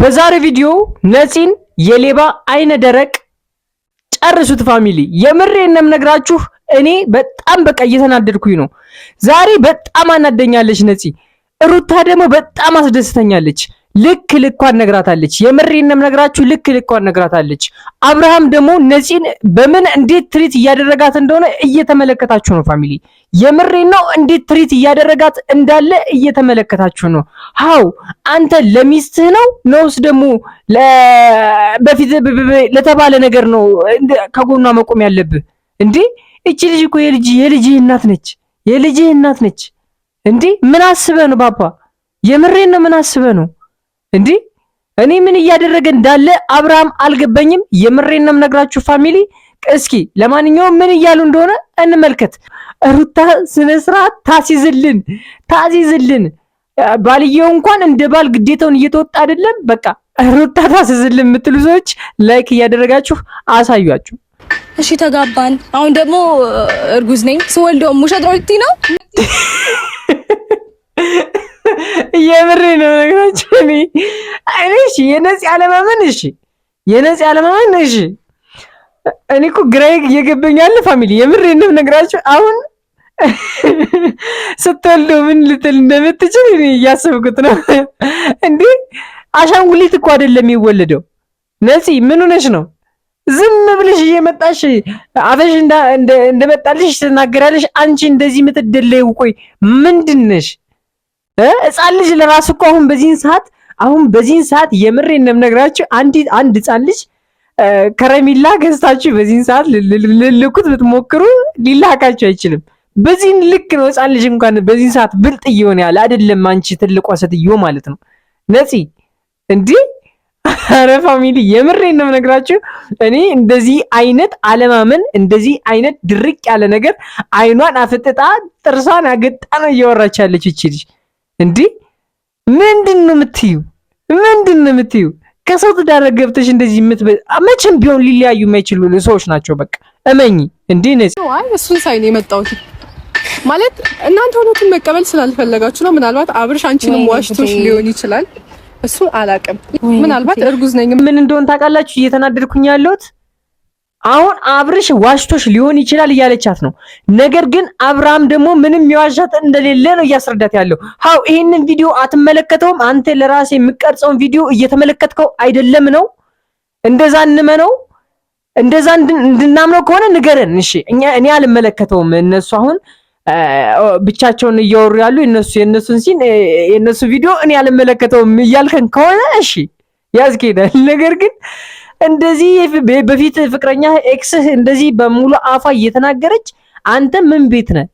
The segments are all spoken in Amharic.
በዛሬ ቪዲዮ ነፂን የሌባ አይነ ደረቅ ጨርሱት ፋሚሊ። የምሬ ነው እኔ በጣም በቃ እየተናደድኩኝ ነው። ዛሬ በጣም አናደኛለች ነፂ። ሩታ ደግሞ በጣም አስደስተኛለች። ልክ ልኳን ነግራታለች። የምሬንም ነግራችሁ ልክ ልኳን ነግራታለች። አብርሃም ደግሞ ነፂን በምን እንዴት ትሪት እያደረጋት እንደሆነ እየተመለከታችሁ ነው ፋሚሊ። የምሬ ነው እንዴት ትሪት እያደረጋት እንዳለ እየተመለከታችሁ ነው። ሀው አንተ ለሚስትህ ነው ነውስ ደግሞ በፊት ለተባለ ነገር ነው ከጎኗ መቆም ያለብህ እንዴ? እቺ ልጅ እኮ የልጅ የልጅ እናት ነች። የልጅ እናት ነች እንዴ? ምን አስበህ ነው ባባ? የምሬን ነው ምን አስበህ ነው እንዲህ እኔ ምን እያደረገ እንዳለ አብርሃም አልገባኝም። የምሬን ነው የምነግራችሁ ፋሚሊ። እስኪ ለማንኛውም ምን እያሉ እንደሆነ እንመልከት። ሩታ ስነ ስርዓት ታሲዝልን ታሲዝልን። ባልየው እንኳን እንደ ባል ግዴታውን እየተወጣ አይደለም። በቃ ሩታ ታሲዝልን የምትሉ ሰዎች ላይክ እያደረጋችሁ አሳያችሁ። እሺ ተጋባን። አሁን ደግሞ እርጉዝ ነኝ። ስወልደው ሙሸት ነው እየምሬ ነው ነገራችን። እኔ እሺ የነጽ አለማመን እሺ የነጽ አለማመን እሺ። እኔ እኮ ግራ እየገበኛል ፋሚሊ፣ የምሬ ነው ነገራችሁ። አሁን ስትወልዶ ምን ልትል እንደምትችል እኔ እያሰብኩት ነው። እንዴ አሻንጉሊት እኮ አይደለም የሚወለደው። ነፂ ምን ሆነሽ ነው? ዝም ብለሽ እየመጣሽ አፈሽ እንደመጣልሽ ትናገራለሽ። አንቺ እንደዚህ የምትደለይው ቆይ ምንድን ነሽ? ህፃን ልጅ ለራሱ እኮ አሁን በዚህን ሰዓት አሁን በዚህን ሰዓት የምሬን ነው የምነግራችሁ አንድ አንድ ህፃን ልጅ ከረሜላ ገዝታችሁ በዚህን ሰዓት ልልኩት ብትሞክሩ ሊላካችሁ አይችልም። በዚህን ልክ ነው ህፃን ልጅ እንኳን በዚህን ሰዓት ብልጥ እየሆነ ያለ አይደለም። አንቺ ትልቋ ሴትዮ ማለት ነው ነፂ እንዲህ አረ ፋሚሊ የምሬን ነው የምነግራችሁ። እኔ እንደዚህ አይነት አለማመን እንደዚህ አይነት ድርቅ ያለ ነገር አይኗን አፍጥጣ ጥርሷን አገጣ ነው እያወራች ያለች ልጅ። እንዲህ ምንድን ነው የምትዩ? ምንድን ነው የምትዩ? ከሰው ትዳር ገብተሽ እንደዚህ ምት መቼም ቢሆን ሊለያዩ የማይችሉ ሰዎች ናቸው። በቃ እመኚ። እንዴ ነጽ አይ እሱን ነው የመጣሁት ማለት እናንተ ሁለቱን መቀበል ስላልፈለጋችሁ ነው። ምናልባት አብርሽ አንቺንም ዋሽቶሽ ሊሆን ይችላል። እሱ አላቅም። ምናልባት እርጉዝ ነኝ ምን እንደሆነ ታውቃላችሁ። እየተናደድኩኝ ያለሁት አሁን አብርሽ ዋሽቶሽ ሊሆን ይችላል እያለቻት ነው። ነገር ግን አብርሃም ደግሞ ምንም የዋሻት እንደሌለ ነው እያስረዳት ያለው። ሀው ይህንን ቪዲዮ አትመለከተውም አንተ ለራሴ የምቀርጸውን ቪዲዮ እየተመለከትከው አይደለም ነው እንደዛ እንመ ነው እንደዛ እንድናምነው ከሆነ ንገረን እሺ። እኛ እኔ አልመለከተውም። እነሱ አሁን ብቻቸውን እያወሩ ያሉ የነሱ የነሱን ሲን የነሱ ቪዲዮ እኔ አልመለከተውም እያልከን ከሆነ እሺ ያስኬዳል። ነገር ግን እንደዚህ በፊት ፍቅረኛ ኤክስህ እንደዚህ በሙሉ አፏ እየተናገረች አንተ ምን ቤት ነህ?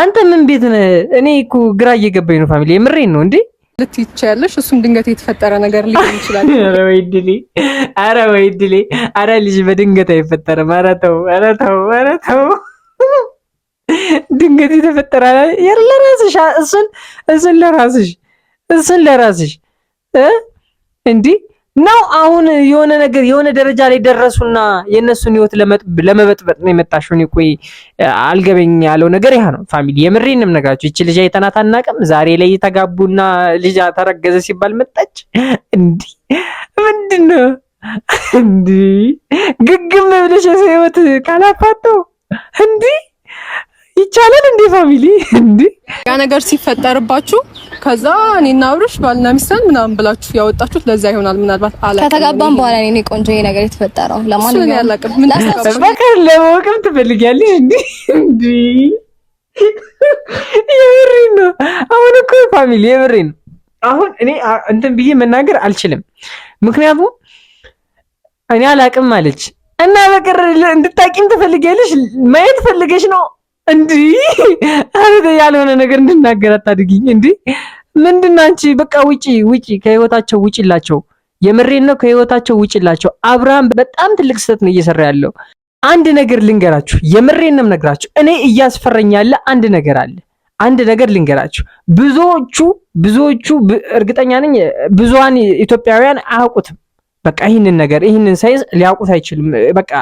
አንተ ምን ቤት ነህ? እኔ እኮ ግራ እየገባኝ ነው ፋሚሊ፣ የምሬን ነው እንዴ ልትይቻለሽ እሱም ድንገት የተፈጠረ ነገር ሊሆን ይችላል። አረ ወይ ድሌ፣ አረ ወይ ድሌ፣ አረ ልጅ በድንገት አይፈጠርም። አረ ተው፣ አረ ተው፣ አረ ተው። ድንገት የተፈጠረ ለራስሽ እሱን እሱን ለራስሽ እሱን ለራስሽ እንዲህ ነው አሁን የሆነ ነገር የሆነ ደረጃ ላይ ደረሱና የእነሱን ህይወት ለመበጥበጥ ነው የመጣሽው? እኔ ቆይ አልገበኝ ያለው ነገር ያ ነው። ፋሚሊ የምሬንም ነገራችሁ ይቺ ልጅ አይተናት አናውቅም። ዛሬ ላይ የተጋቡና ልጅ ተረገዘ ሲባል መጣች። እንዲህ ምንድን ነው እንዲህ ግግም ብለሽ ህይወት ካላፋጠው እንዲህ ይቻላል እንዴ ፋሚሊ እንዴ ያ ነገር ሲፈጠርባችሁ ከዛ እኔና አብርሽ ባልና ሚስተን ምናምን ብላችሁ ያወጣችሁት ለዛ ይሆናል። ምናልባት አላ ከተጋባን በኋላ እኔ ቆንጆ ይሄ ነገር የተፈጠረው ለማንኛውም ያላቀም ምን ተሰበከር ለወቅም ትፈልጊያለሽ እንዴ እንዴ የብሬ ነው። አሁን እኮ ፋሚሊ የብሬ ነው። አሁን እኔ እንትን ብዬ መናገር አልችልም፣ ምክንያቱም እኔ አላቅም አለች እና በቅር እንድታቂም ትፈልጊያለሽ ማየት ፈልገሽ ነው እንዲህ ያልሆነ ነገር እንድናገር አታድጊኝ። እንዲህ ምንድን አንቺ? በቃ ውጪ ውጪ፣ ከህይወታቸው ውጪላቸው። የምሬን ነው፣ ከህይወታቸው ውጪላቸው። አብርሃም በጣም ትልቅ ስህተት ነው እየሰራ ያለው። አንድ ነገር ልንገራችሁ፣ የምሬን ነው የምነግራችሁ። እኔ እያስፈረኝ ያለ አንድ ነገር አለ። አንድ ነገር ልንገራችሁ። ብዙዎቹ ብዙዎቹ እርግጠኛ ነኝ ብዙሃን ኢትዮጵያውያን አያውቁትም። በቃ ይህንን ነገር ይህንን ሳይንስ ሊያውቁት አይችልም። በቃ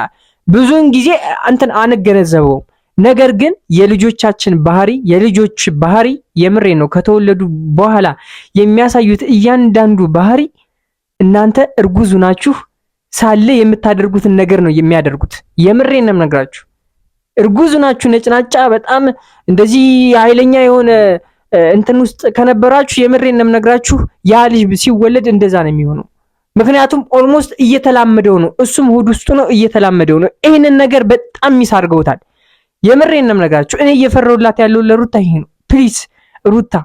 ብዙውን ጊዜ አንተን አንገነዘበውም ነገር ግን የልጆቻችን ባህሪ የልጆች ባህሪ የምሬ ነው ከተወለዱ በኋላ የሚያሳዩት እያንዳንዱ ባህሪ እናንተ እርጉዙ ናችሁ ሳለ የምታደርጉትን ነገር ነው የሚያደርጉት። የምሬ ነው ነግራችሁ እርጉዙ ናችሁ ነጭናጫ በጣም እንደዚህ ኃይለኛ የሆነ እንትን ውስጥ ከነበራችሁ የምሬ ነው ነግራችሁ ያ ልጅ ሲወለድ እንደዛ ነው የሚሆነው። ምክንያቱም ኦልሞስት እየተላመደው ነው፣ እሱም ሆድ ውስጡ ነው እየተላመደው ነው። ይህንን ነገር በጣም ሚስ አድርገውታል። የምሬን ነው የምነግራችሁ። እኔ እየፈረውላት ያለው ለሩታ ይሄ ነው። ፕሊዝ ሩታ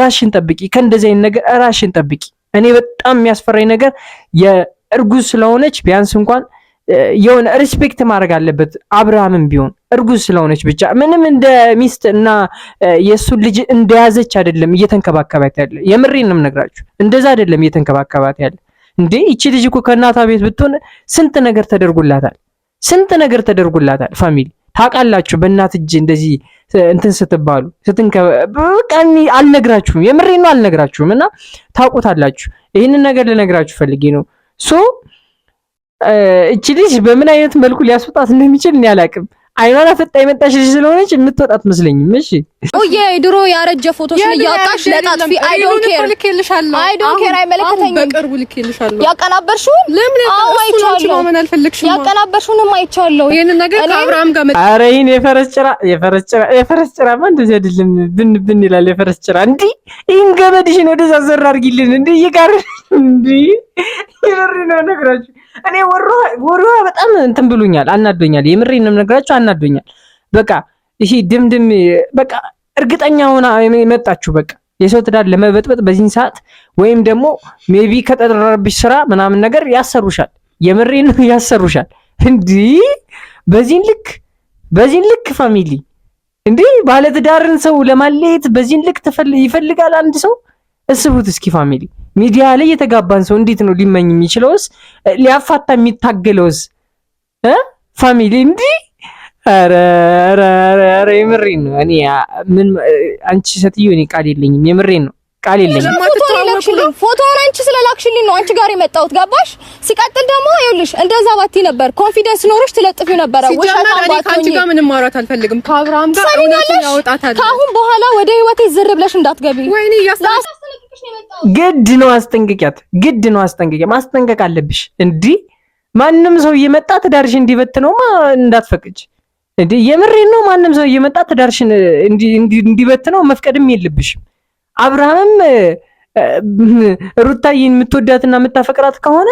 ራሽን ጠብቂ፣ ከእንደዚህ አይነት ነገር ራሽን ጠብቂ። እኔ በጣም የሚያስፈራኝ ነገር የእርጉዝ ስለሆነች ቢያንስ እንኳን የሆነ ሪስፔክት ማድረግ አለበት። አብርሃምም ቢሆን እርጉዝ ስለሆነች ብቻ ምንም እንደ ሚስት እና የእሱን ልጅ እንደያዘች አይደለም እየተንከባከባት ያለ። የምሬን ነው የምነግራችሁ፣ እንደዛ አይደለም እየተንከባከባት ያለ። እንዴ ይቺ ልጅ እኮ ከእናቷ ቤት ብትሆን ስንት ነገር ተደርጎላታል፣ ስንት ነገር ተደርጎላታል ፋሚሊ ታውቃላችሁ በእናት እጅ እንደዚህ እንትን ስትባሉ ስትንከ አልነግራችሁም፣ የምሬ ነው አልነግራችሁም። እና ታውቁታላችሁ። ይህንን ነገር ልነግራችሁ ፈልጌ ነው። ሶ እቺ ልጅ በምን አይነት መልኩ ሊያስወጣት እንደሚችል እኔ አላቅም። አይኗን አፈጣ የመጣሽ ልጅ ስለሆነች የምትወጣ መስለኝም። እሺ ኦየ ድሮ ያረጀ ፎቶሽን እያወጣሽ ለጣጥፊ አይ ዶንት ኬር አይ ዶንት ኬር አይመለከተኝም። በቅርቡ ልኬልሻለሁ። ያቀናበርሽውን ለምን አይቻለሁ። ምን ያቀናበርሽውንም አይቻለሁ። ይሄንን ነገር ከአብርሃም ጋር መጣ። ኧረ ይሄን የፈረስ ጭራ የፈረስ ጭራ የፈረስ ጭራማ እንደዚህ አይደለም። ብን ብን ይላል የፈረስ ጭራ። እንዴ ይሄን ገመድሽን ወደዛ ዘር አድርጊልን። እንዴ ይጋር እንዴ ይበር ነው ነግራችሁ እኔ ወሬዋ በጣም እንትን ብሉኛል፣ አናዶኛል። የምሬን ነው የምነግራችሁ፣ አናዶኛል። በቃ ይሄ ድምድም በቃ እርግጠኛ ሆና የመጣችሁ በቃ የሰው ትዳር ለመበጥበጥ በዚህን ሰዓት ወይም ደግሞ ሜቢ ከጠረረብሽ ስራ ምናምን ነገር ያሰሩሻል። የምሬን ነው ያሰሩሻል። እንዲህ በዚህን ልክ በዚህን ልክ ፋሚሊ እንዲህ ባለትዳርን ሰው ለማለየት በዚህን ልክ ይፈልጋል አንድ ሰው። እስቡት እስኪ ፋሚሊ ሚዲያ ላይ የተጋባን ሰው እንዴት ነው ሊመኝ የሚችለውስ? ሊያፋታ የሚታገለውስ? ፋሚሊ እንዲህ ረረረረ የምሬን ነው። እኔ ምን አንቺ ሴትዮ እኔ ቃል የለኝም። የምሬን ነው ቃል የለኝም። ፎቶውን አንቺ ስለላክሽልኝ ነው አንቺ ጋር የመጣሁት ገባሽ። ሲቀጥል ደግሞ ይኸውልሽ እንደዛ ባቲ ነበር ኮንፊደንስ ኖሮሽ ትለጥፊው ነበረ። ከአንቺ ጋር ምንም ማውራት አልፈልግም። ከአብርሃም ጋር እውነቱን ያወጣታል። ከአሁን በኋላ ወደ ህይወቴ ዝር ብለሽ እንዳትገቢ። ወይኔ እያስ ግድ ነው አስጠንቅቂያት፣ ግድ ነው አስጠንቅቂያ፣ ማስጠንቀቅ አለብሽ። እንዲህ ማንም ሰው እየመጣ ትዳርሽ እንዲበትነውማ እንዳትፈቅጅ። የምሬን ነው። ማንም ሰው እየመጣ ትዳርሽን እንዲበትነው መፍቀድም የለብሽም። አብርሃምም ሩታዬን የምትወዳትና የምታፈቅራት ከሆነ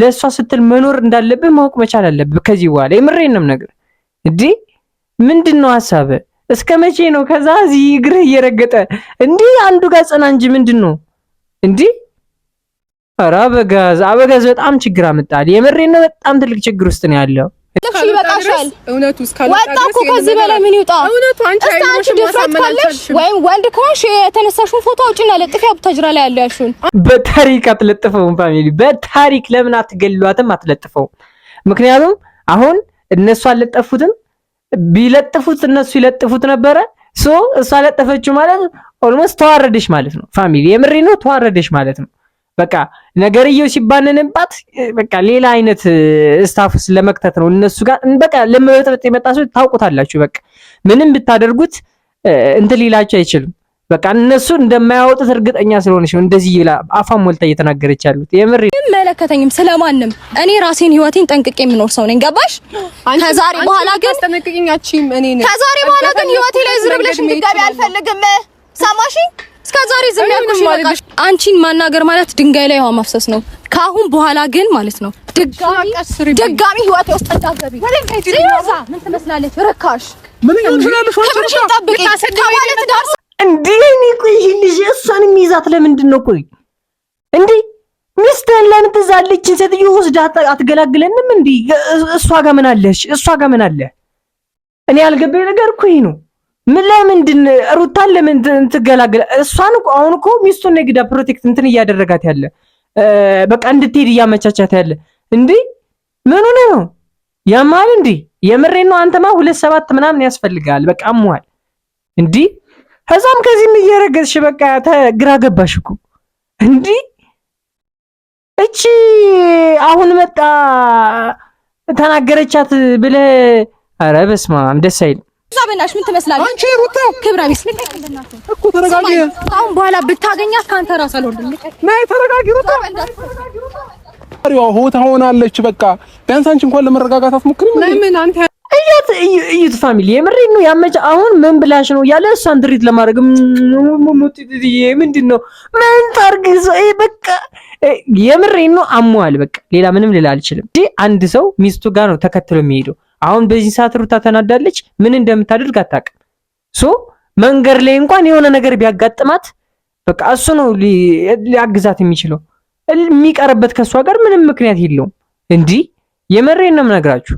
ለእሷ ስትል መኖር እንዳለብህ ማወቅ መቻል አለብህ። ከዚህ በኋላ ነው ነገር እንዲህ ምንድን ነው ሀሳብ? እስከ መቼ ነው ከዛ እዚህ እግርህ እየረገጠ እንዲህ አንዱ ጋር ጽና እንጂ ምንድን ነው እንዲህ ኧረ አበጋዝ አበጋዝ በጣም ችግር አመጣል። የምሬ ነው። በጣም ትልቅ ችግር ውስጥ ነው ያለው። ለፍሽ ከዚህ በላይ ምን ይውጣ? ወይም ወንድ ከሆንሽ የተነሳሽውን ፎቶ አውጪና ለጥፊ ቡታጅራ ላይ ያለው በታሪክ አትለጥፈውም። ፋሚሊ በታሪክ ለምን አትገሏትም? አትለጥፈውም። ምክንያቱም አሁን እነሱ አልለጠፉትም። ቢለጥፉት እነሱ ይለጥፉት ነበረ። ሶ እሷ ለጠፈችው ማለት ኦልሞስት ተዋረደሽ ማለት ነው። ፋሚሊ የምሪ ነው፣ ተዋረደሽ ማለት ነው። በቃ ነገርየው ሲባንንባት በቃ ሌላ አይነት ስታፍስ ለመክተት ነው እነሱ ጋር በቃ ለመበጥበጥ የመጣ ሰው ታውቁታላችሁ። በቃ ምንም ብታደርጉት እንትን ሊላችሁ አይችልም። በቃ እነሱ እንደማያወጡት እርግጠኛ ስለሆነች ነው እንደዚህ ይላ አፋን ሞልታ እየተናገረች ያሉት የምሪ አይመለከተኝም ስለማንም። እኔ ራሴን ህይወቴን ጠንቅቄ የምኖር ሰው ነኝ። ገባሽ? ከዛሬ በኋላ ግን አስጠነቅቂኛችሁም እኔ ነኝ። ከዛሬ በኋላ ግን ህይወቴ ላይ ዝም ብለሽ እንድትገቢ አልፈልግም። ሰማሽ? እስከዛሬ ዝም ያልኩሽ ይበቃሽ። አንቺን ማናገር ማለት ድንጋይ ላይ ውሃ ማፍሰስ ነው። ከአሁን በኋላ ግን ማለት ነው ድጋሚ ድጋሚ ህይወቴ ውስጥ እንዳትገቢ። ምን ትመስላለች? ርካሽ ምን ትላለሽ? ክብርሽን ጠብቂ ከማለት ጋር እንዴ እኔ ቆይ ይሄን ልጅ እሷን የሚይዛት ለምንድን ነው? ቆይ እንዴ ሚስትህን ለምን ትዝ አለችን? ሴትዮ ወስዳ አትገላግለንም? እንዲህ እሷ ጋር ምን አለሽ? እሷ ጋር ምን አለ? እኔ ያልገባኝ ነገር እኮ ይሄ ነው። ምን ለምንድን ሩታን ለምን ትገላግለ? እሷን አሁን እኮ ሚስቱን ግዳ ፕሮቴክት እንትን እያደረጋት ያለ በቃ እንድትሄድ እያመቻቻት ያለ እንዲህ ምን ሆነ ነው ያማል እንዲ የምሬ ነው። አንተማ ሁለት ሰባት ምናምን ያስፈልጋል። በቃ አሟል እንዲ ከዛም ከዚህም እየረገዝሽ በቃ ተግራ ገባሽ እኮ እንዲ እቺ አሁን መጣ ተናገረቻት ብለ አረ በስመ አብ ደስ አይልም። እዛ በእናትሽ ምን ትመስላለህ አንቺ ሩታ ክብራ ቢስ እኮ ተረጋጊ። አሁን በኋላ ብታገኛት ካንተ ራስ አልወርድም። ነይ ተረጋጊ ሩታ ሆታ ሆናለች። በቃ ቢያንስ አንቺ እንኳን ለመረጋጋት አትሞክሪም? ለምን አንተ እያት እዩት ፋሚሊ የምሬ ነው ያመጫ። አሁን ምን ብላሽ ነው ያለ እሷን ትሪት ለማድረግ ምንድን ነው ምን ታርግ? በቃ የምሬ ነው አሟል። በቃ ሌላ ምንም ልል አልችልም። እ አንድ ሰው ሚስቱ ጋር ነው ተከትሎ የሚሄደው። አሁን በዚህ ሰዓት ሩታ ተናዳለች፣ ምን እንደምታደርግ አታውቅም። ሶ መንገድ ላይ እንኳን የሆነ ነገር ቢያጋጥማት በቃ እሱ ነው ሊያግዛት የሚችለው። የሚቀርበት ከእሷ ጋር ምንም ምክንያት የለውም። እንዲህ የምሬን ነው የምነግራችሁ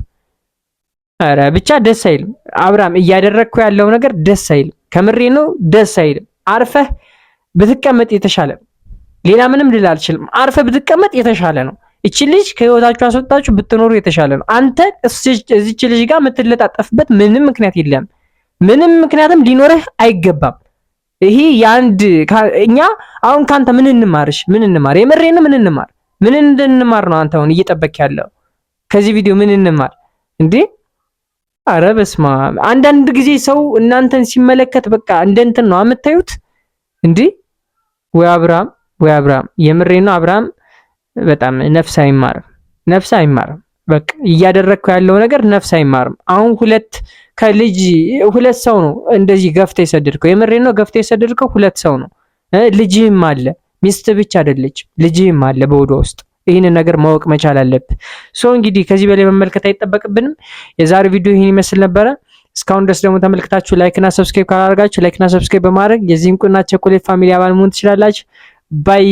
ኧረ ብቻ ደስ አይልም አብርሃም፣ እያደረግኩ ያለው ነገር ደስ አይልም። ከምሬ ነው፣ ደስ አይልም። አርፈህ ብትቀመጥ የተሻለ ነው። ሌላ ምንም ልል አልችልም። አርፈህ ብትቀመጥ የተሻለ ነው። እቺ ልጅ ከህይወታችሁ አስወጣችሁ ብትኖሩ የተሻለ ነው። አንተ እዚች ልጅ ጋር የምትለጣጠፍበት ምንም ምክንያት የለም። ምንም ምክንያትም ሊኖርህ አይገባም። ይሄ የአንድ እኛ አሁን ከአንተ ምን እንማርሽ? ምን እንማር? የምሬን ምን እንማር? ምን እንድንማር ነው አንተ አሁን እየጠበክ ያለው? ከዚህ ቪዲዮ ምን እንማር እንዴ? አረ በስማ አንዳንድ ጊዜ ሰው እናንተን ሲመለከት በቃ እንደ እንትን ነው የምታዩት እንዴ። ወይ አብርሃም ወይ አብርሃም የምሬ ነው። አብርሃም በጣም ነፍስ አይማርም፣ ነፍስ አይማርም። በቃ እያደረግከው ያለው ነገር ነፍስ አይማርም። አሁን ሁለት ከልጅ ሁለት ሰው ነው እንደዚህ ገፍተ የሰደድከው። የምሬ ነው ገፍተ የሰደድከው ሁለት ሰው ነው። ልጅህም አለ ሚስት ብቻ አይደለች፣ ልጅህም አለ በወዷ ውስጥ ይህንን ነገር ማወቅ መቻል አለብ። ሶ እንግዲህ ከዚህ በላይ መመልከት አይጠበቅብንም። የዛሬ ቪዲዮ ይህን ይመስል ነበረ። እስካሁን ድረስ ደግሞ ተመልክታችሁ ላይክና ሰብስክራይብ ካላደርጋችሁ ላይክና ሰብስክራይብ በማድረግ የዚህ እንቁና ቸኮሌት ፋሚሊ አባል መሆን ትችላላችሁ። ባይ